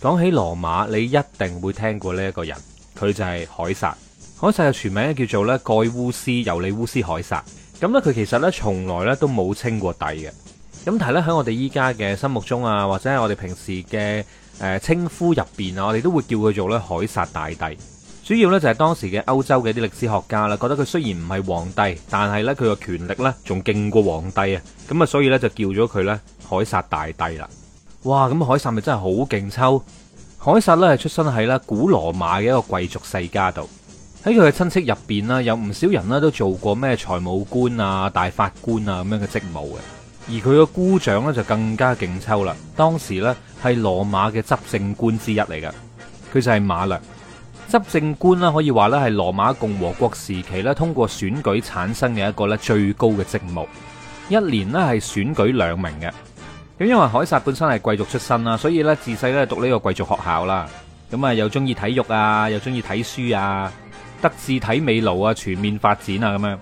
講起羅馬，你一定會聽過呢一個人，佢就係凱撒。凱撒嘅全名叫做咧蓋烏斯尤里烏斯凱撒。咁咧佢其實咧從來咧都冇稱過帝嘅。咁但係咧喺我哋依家嘅心目中啊，或者係我哋平時嘅誒稱呼入邊啊，我哋都會叫佢做咧凱撒大帝。主要咧就係當時嘅歐洲嘅啲歷史學家啦，覺得佢雖然唔係皇帝，但係咧佢嘅權力咧仲勁過皇帝啊。咁啊，所以咧就叫咗佢咧凱撒大帝啦。哇，咁凱撒咪真係好勁抽！凱撒咧係出身喺咧古羅馬嘅一個貴族世家度，喺佢嘅親戚入邊呢有唔少人呢都做過咩財務官啊、大法官啊咁樣嘅職務嘅，而佢個姑丈呢，就更加勁抽啦，當時呢，係羅馬嘅執政官之一嚟㗎。佢就係馬略。執政官啦，可以話呢，係羅馬共和國時期呢通過選舉產生嘅一個呢最高嘅職務，一年呢，係選舉兩名嘅。咁因為凱撒本身係貴族出身啦，所以咧自細咧讀呢個貴族學校啦，咁啊又中意體育啊，又中意睇書啊，德智體美勞啊，全面發展啊咁樣。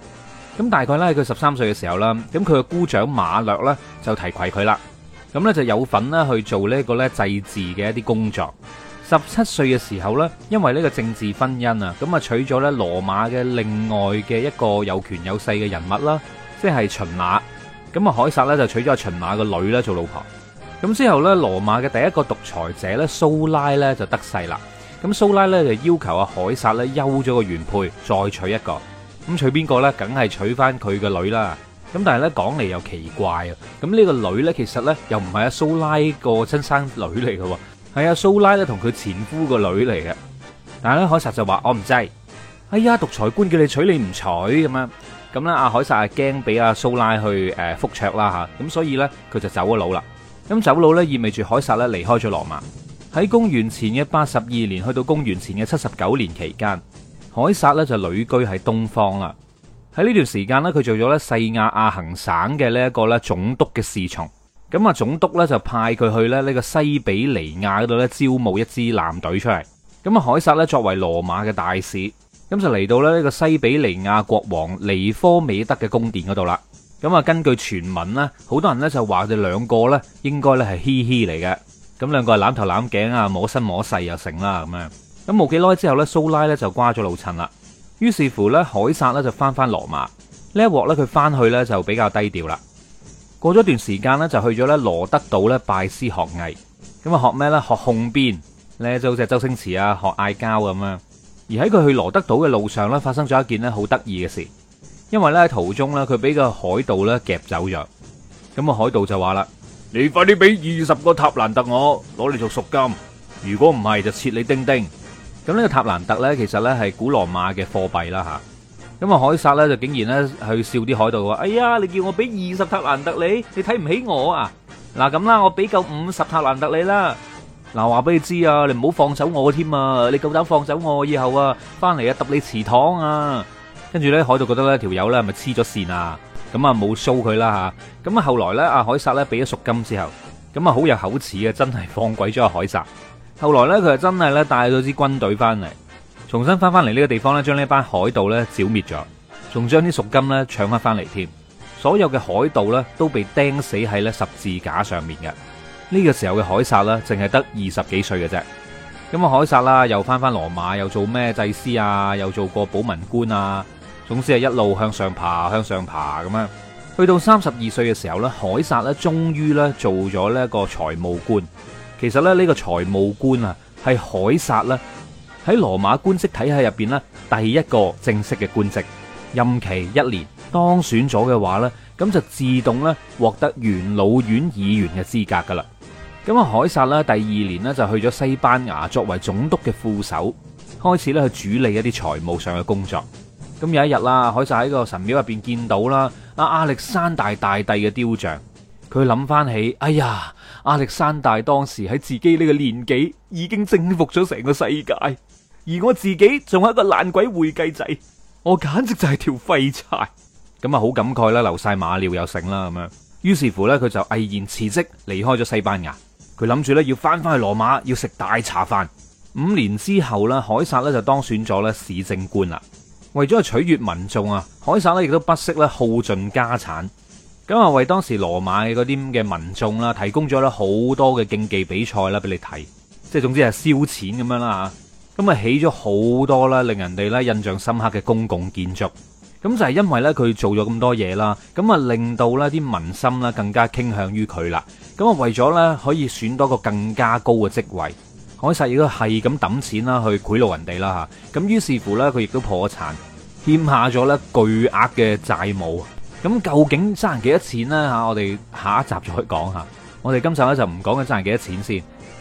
咁大概呢，佢十三歲嘅時候啦，咁佢嘅姑丈馬略呢就提攜佢啦，咁呢就有份咧去做呢個咧祭祀嘅一啲工作。十七歲嘅時候呢，因為呢個政治婚姻啊，咁啊娶咗呢羅馬嘅另外嘅一個有權有勢嘅人物啦，即係秦拿。咁啊，凱撒咧就娶咗阿秦馬個女咧做老婆。咁之後咧，羅馬嘅第一個獨裁者咧蘇拉咧就得勢啦。咁蘇拉咧就要求阿凱撒咧休咗個原配，再娶一個。咁娶邊個咧？梗係娶翻佢個女啦。咁但係咧講嚟又奇怪啊。咁呢個女咧其實咧又唔係阿蘇拉個親生女嚟嘅，係阿蘇拉咧同佢前夫個女嚟嘅。但係咧，凱撒就話我唔制。哎呀，獨裁官叫你娶你唔娶咁啊！咁咧，阿凱撒啊驚俾阿蘇拉去誒覆卓啦嚇，咁所以呢，佢就走咗佬啦。咁走佬呢，意味住凱撒呢離開咗羅馬。喺公元前嘅八十二年去到公元前嘅七十九年期間，凱撒呢就旅居喺東方啦。喺呢段時間呢，佢做咗呢西亞亞行省嘅呢一個呢總督嘅侍從。咁啊總督呢就派佢去咧呢個西比尼亞嗰度呢招募一支艦隊出嚟。咁啊凱撒呢作為羅馬嘅大使。咁就嚟到咧呢個西比利亞國王尼科美德嘅宮殿嗰度啦。咁啊，根據傳聞呢，好多人呢就話佢哋兩個咧應該咧係嘻嘻嚟嘅。咁兩個係攬頭攬頸啊，摸身摸勢又成啦咁樣。咁冇幾耐之後呢，蘇拉呢就瓜咗老襯啦。於是乎呢，凱撒呢就翻翻羅馬。呢一鑊呢，佢翻去呢就比較低調啦。過咗一段時間呢，就去咗呢羅德島呢，拜師學藝。咁啊，學咩呢？學控鞭，呢就好似周星馳啊，學嗌交咁樣。而喺佢去羅德島嘅路上咧，發生咗一件咧好得意嘅事，因為咧途中咧佢俾個海盜咧夾走咗，咁啊海盜就話啦：你快啲俾二十個塔蘭特我，攞嚟做贖金，如果唔係就切你丁丁。咁呢個塔蘭特咧，其實咧係古羅馬嘅貨幣啦吓。咁啊，凱撒咧就竟然咧去笑啲海盜話：哎呀，你叫我俾二十塔蘭特你，你睇唔起我啊？嗱咁啦，我俾夠五十塔蘭特你啦。嗱，話俾你知啊，你唔好放走我添啊！你夠膽放走我，走我以後啊，翻嚟啊揼你祠堂啊！跟住呢，海盜覺得呢條友呢係咪黐咗線啊？咁啊冇掃佢啦吓！咁啊後來呢，阿凱撒呢俾咗贖金之後，咁啊好有口齒嘅，真係放鬼咗阿凱撒。後來呢，佢係真係呢，帶咗支軍隊翻嚟，重新翻翻嚟呢個地方呢，將呢班海盜呢剿滅咗，仲將啲贖金呢搶翻翻嚟添。所有嘅海盜呢，都被釘死喺呢十字架上面嘅。呢個時候嘅凱撒呢淨係得二十幾歲嘅啫。咁啊，凱撒啦又翻翻羅馬，又做咩祭司啊，又做過保民官啊，總之係一路向上爬，向上爬咁樣。去到三十二歲嘅時候咧，凱撒咧終於咧做咗呢一個財務官。其實咧呢個財務官啊，係凱撒咧喺羅馬官職體系入邊咧第一個正式嘅官職。任期一年，當選咗嘅話咧，咁就自動咧獲得元老院議員嘅資格噶啦。咁啊，凱撒咧第二年呢就去咗西班牙，作為總督嘅副手，開始咧去處理一啲財務上嘅工作。咁有一日啦，凱撒喺個神廟入邊見到啦、啊、阿亞歷山大大帝嘅雕像，佢諗翻起，哎呀，亞歷山大當時喺自己呢個年紀已經征服咗成個世界，而我自己仲係一個爛鬼會計仔，我簡直就係條廢柴。咁啊，好感慨啦，流晒馬尿又成啦咁樣。於是乎呢，佢就毅然辭職離開咗西班牙。佢諗住咧要翻翻去羅馬，要食大茶飯。五年之後咧，凱撒咧就當選咗咧市政官啦。為咗取悦民眾啊，凱撒咧亦都不惜咧耗盡家產，咁啊為當時羅馬嘅嗰啲嘅民眾啦，提供咗咧好多嘅競技比賽啦俾你睇，即係總之係燒錢咁樣啦吓。咁啊起咗好多啦，令人哋咧印象深刻嘅公共建築。咁就係因為呢，佢做咗咁多嘢啦，咁啊令到呢啲民心呢更加傾向於佢啦。咁啊，為咗呢，可以選多個更加高嘅職位，凱撒亦都係咁揼錢啦，去賄賂人哋啦嚇。咁於是乎呢，佢亦都破產，欠下咗呢巨額嘅債務。咁究竟賺幾多錢呢？嚇？我哋下一集再講下。我哋今集呢，就唔講佢賺幾多錢先。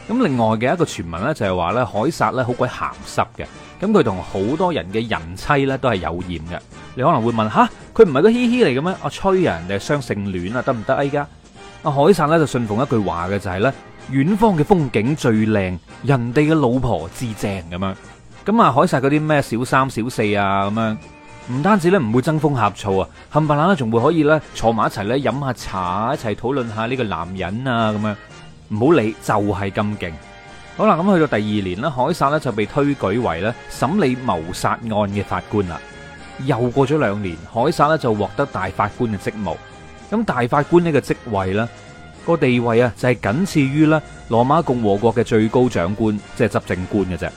咁另外嘅一個傳聞呢，就係話呢，凱撒呢好鬼鹹濕嘅。咁佢同好多人嘅人妻呢，都係有染嘅。你可能會問吓，佢唔係個嘻嘻嚟嘅咩？我、啊、吹人哋雙性戀啊，得唔得？依家阿凱撒咧就信奉一句話嘅就係、是、咧，遠方嘅風景最靚，人哋嘅老婆至正咁樣。咁啊，凱撒嗰啲咩小三小四啊咁樣，唔單止咧唔會爭風呷醋啊，冚唪唥咧仲會可以咧坐埋一齊咧飲下茶，一齊討論下呢個男人啊咁樣。唔好理，就係咁勁。好啦，咁、嗯、去到第二年咧，凱撒咧就被推舉為咧審理謀殺案嘅法官啦。又過咗兩年，凱撒咧就獲得大法官嘅職務。咁大法官呢個職位咧，個地位啊就係僅次於咧羅馬共和國嘅最高長官，即係執政官嘅啫。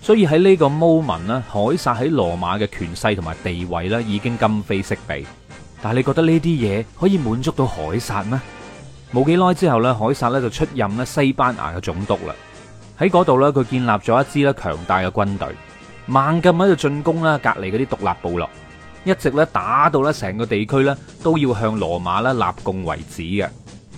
所以喺呢個 moment 咧，凱撒喺羅馬嘅權勢同埋地位咧已經今非昔比。但係你覺得呢啲嘢可以滿足到凱撒咩？冇幾耐之後咧，凱撒咧就出任咧西班牙嘅總督啦。喺嗰度咧，佢建立咗一支咧強大嘅軍隊。猛咁喺度進攻啦，隔籬嗰啲獨立部落，一直咧打到咧成個地區咧都要向羅馬啦納貢為止嘅。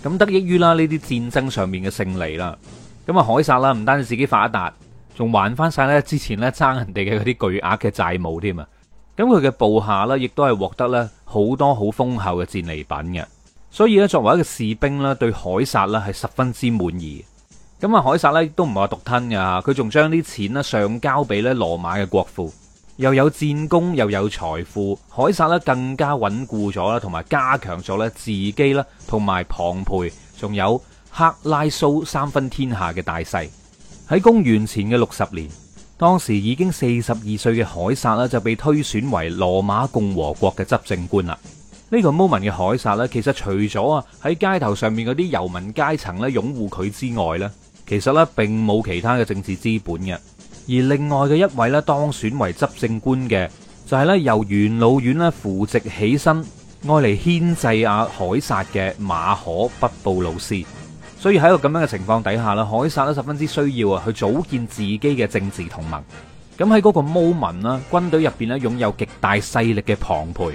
咁得益於啦呢啲戰爭上面嘅勝利啦，咁啊凱撒啦唔單止自己發達，仲還翻晒咧之前咧爭人哋嘅嗰啲巨額嘅債務添啊。咁佢嘅部下啦，亦都係獲得咧好多好豐厚嘅戰利品嘅。所以咧作為一個士兵啦，對凱撒啦係十分之滿意。咁啊，凱撒咧都唔係話獨吞㗎。佢仲將啲錢呢上交俾咧羅馬嘅國庫，又有戰功又有財富，凱撒咧更加穩固咗啦，同埋加強咗咧自己啦，同埋龐培，仲有克拉蘇三分天下嘅大勢。喺公元前嘅六十年，當時已經四十二歲嘅凱撒呢就被推選為羅馬共和國嘅執政官啦。呢、這個 moment 嘅凱撒呢，其實除咗啊喺街頭上面嗰啲遊民階層咧擁護佢之外其實咧，並冇其他嘅政治資本嘅。而另外嘅一位咧當選為執政官嘅，就係咧由元老院咧扶植起身，愛嚟牽制阿凱撒嘅馬可·北布魯斯。所以喺一個咁樣嘅情況底下咧，凱撒咧十分之需要啊去組建自己嘅政治同盟。咁喺嗰個毛民啦，軍隊入邊咧擁有極大勢力嘅龐培。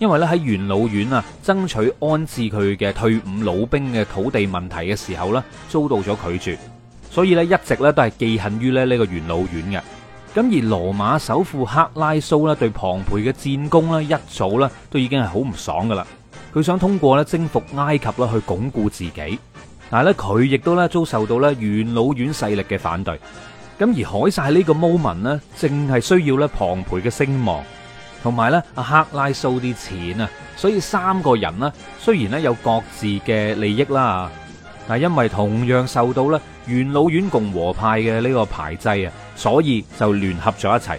因為咧喺元老院啊，爭取安置佢嘅退伍老兵嘅土地問題嘅時候咧，遭到咗拒絕，所以咧一直咧都係忌恨於咧呢個元老院嘅。咁而羅馬首富克拉蘇咧，對龐培嘅戰功咧，一早咧都已經係好唔爽噶啦。佢想通過咧征服埃及啦，去鞏固自己。但係咧佢亦都咧遭受到咧元老院勢力嘅反對。咁而凱撒呢個謀民咧，正係需要咧龐培嘅聲望。同埋咧，阿克拉蘇啲錢啊，所以三個人咧，雖然咧有各自嘅利益啦，但係因為同樣受到咧元老院共和派嘅呢個排擠啊，所以就聯合咗一齊。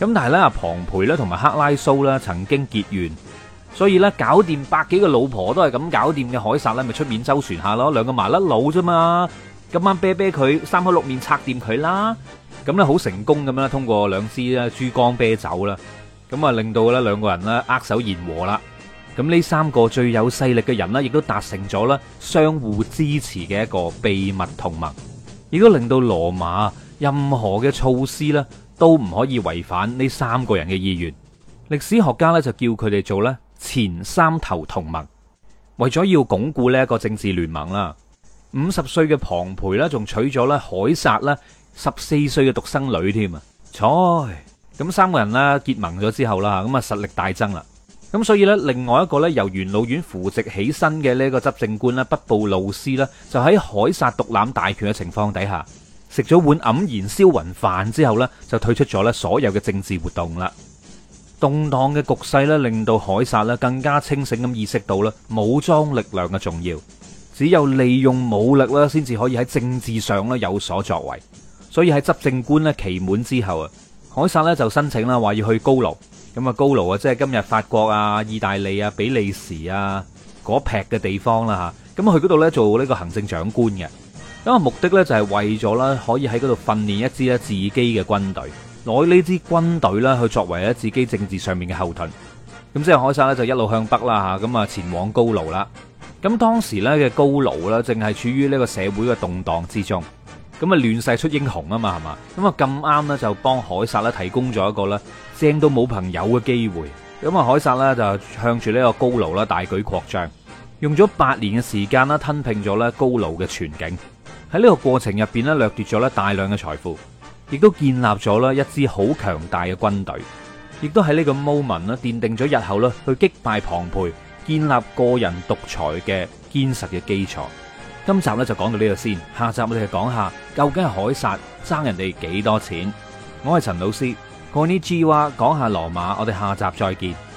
咁但係咧，阿龐培咧同埋克拉蘇咧曾經結怨，所以咧搞掂百幾個老婆都係咁搞掂嘅，凱撒咧咪出面周旋下咯，兩個麻甩佬啫嘛，今晚啤啤佢，三口六面拆掂佢啦，咁咧好成功咁樣，通過兩支咧珠江啤酒啦。咁啊，令到呢兩個人呢握手言和啦。咁呢三個最有勢力嘅人呢，亦都達成咗呢相互支持嘅一個秘密同盟，亦都令到羅馬任何嘅措施呢，都唔可以違反呢三個人嘅意願。歷史學家呢，就叫佢哋做呢前三頭同盟。為咗要鞏固呢一個政治聯盟啦，五十歲嘅龐培呢，仲娶咗咧凱撒咧十四歲嘅獨生女添啊！咁三個人咧結盟咗之後啦，咁啊實力大增啦。咁所以咧，另外一個咧由元老院扶植起身嘅呢個執政官咧，比布路斯咧，就喺凱撒獨攬大權嘅情況底下，食咗碗黯然銷魂飯之後咧，就退出咗咧所有嘅政治活動啦。動蕩嘅局勢咧，令到凱撒咧更加清醒咁意識到咧武裝力量嘅重要，只有利用武力咧，先至可以喺政治上咧有所作為。所以喺執政官咧期滿之後啊。凱撒咧就申請啦，話要去高盧，咁啊高盧啊，即係今日法國啊、意大利啊、比利時啊嗰一撇嘅地方啦嚇，咁去嗰度咧做呢個行政長官嘅，因為目的咧就係為咗咧可以喺嗰度訓練一支咧自己嘅軍隊，攞呢支軍隊咧去作為咧自己政治上面嘅後盾，咁即係凱撒咧就一路向北啦嚇，咁啊前往高盧啦，咁當時咧嘅高盧咧正係處於呢個社會嘅動盪之中。咁啊，亂世出英雄啊嘛，係嘛？咁啊，咁啱呢，就幫凱撒咧提供咗一個咧正到冇朋友嘅機會。咁啊，凱撒就向住呢個高盧咧大舉擴張，用咗八年嘅時間啦吞併咗咧高盧嘅全境。喺呢個過程入邊咧掠奪咗咧大量嘅財富，亦都建立咗一支好強大嘅軍隊，亦都喺呢個 moment 奠定咗日後咧去擊敗龐培、建立個人獨裁嘅堅實嘅基礎。今集咧，就講到呢度先。下集我哋就講下究竟凱撒爭人哋幾多錢？我係陳老師，過呢 G 話講下羅馬，我哋下集再見。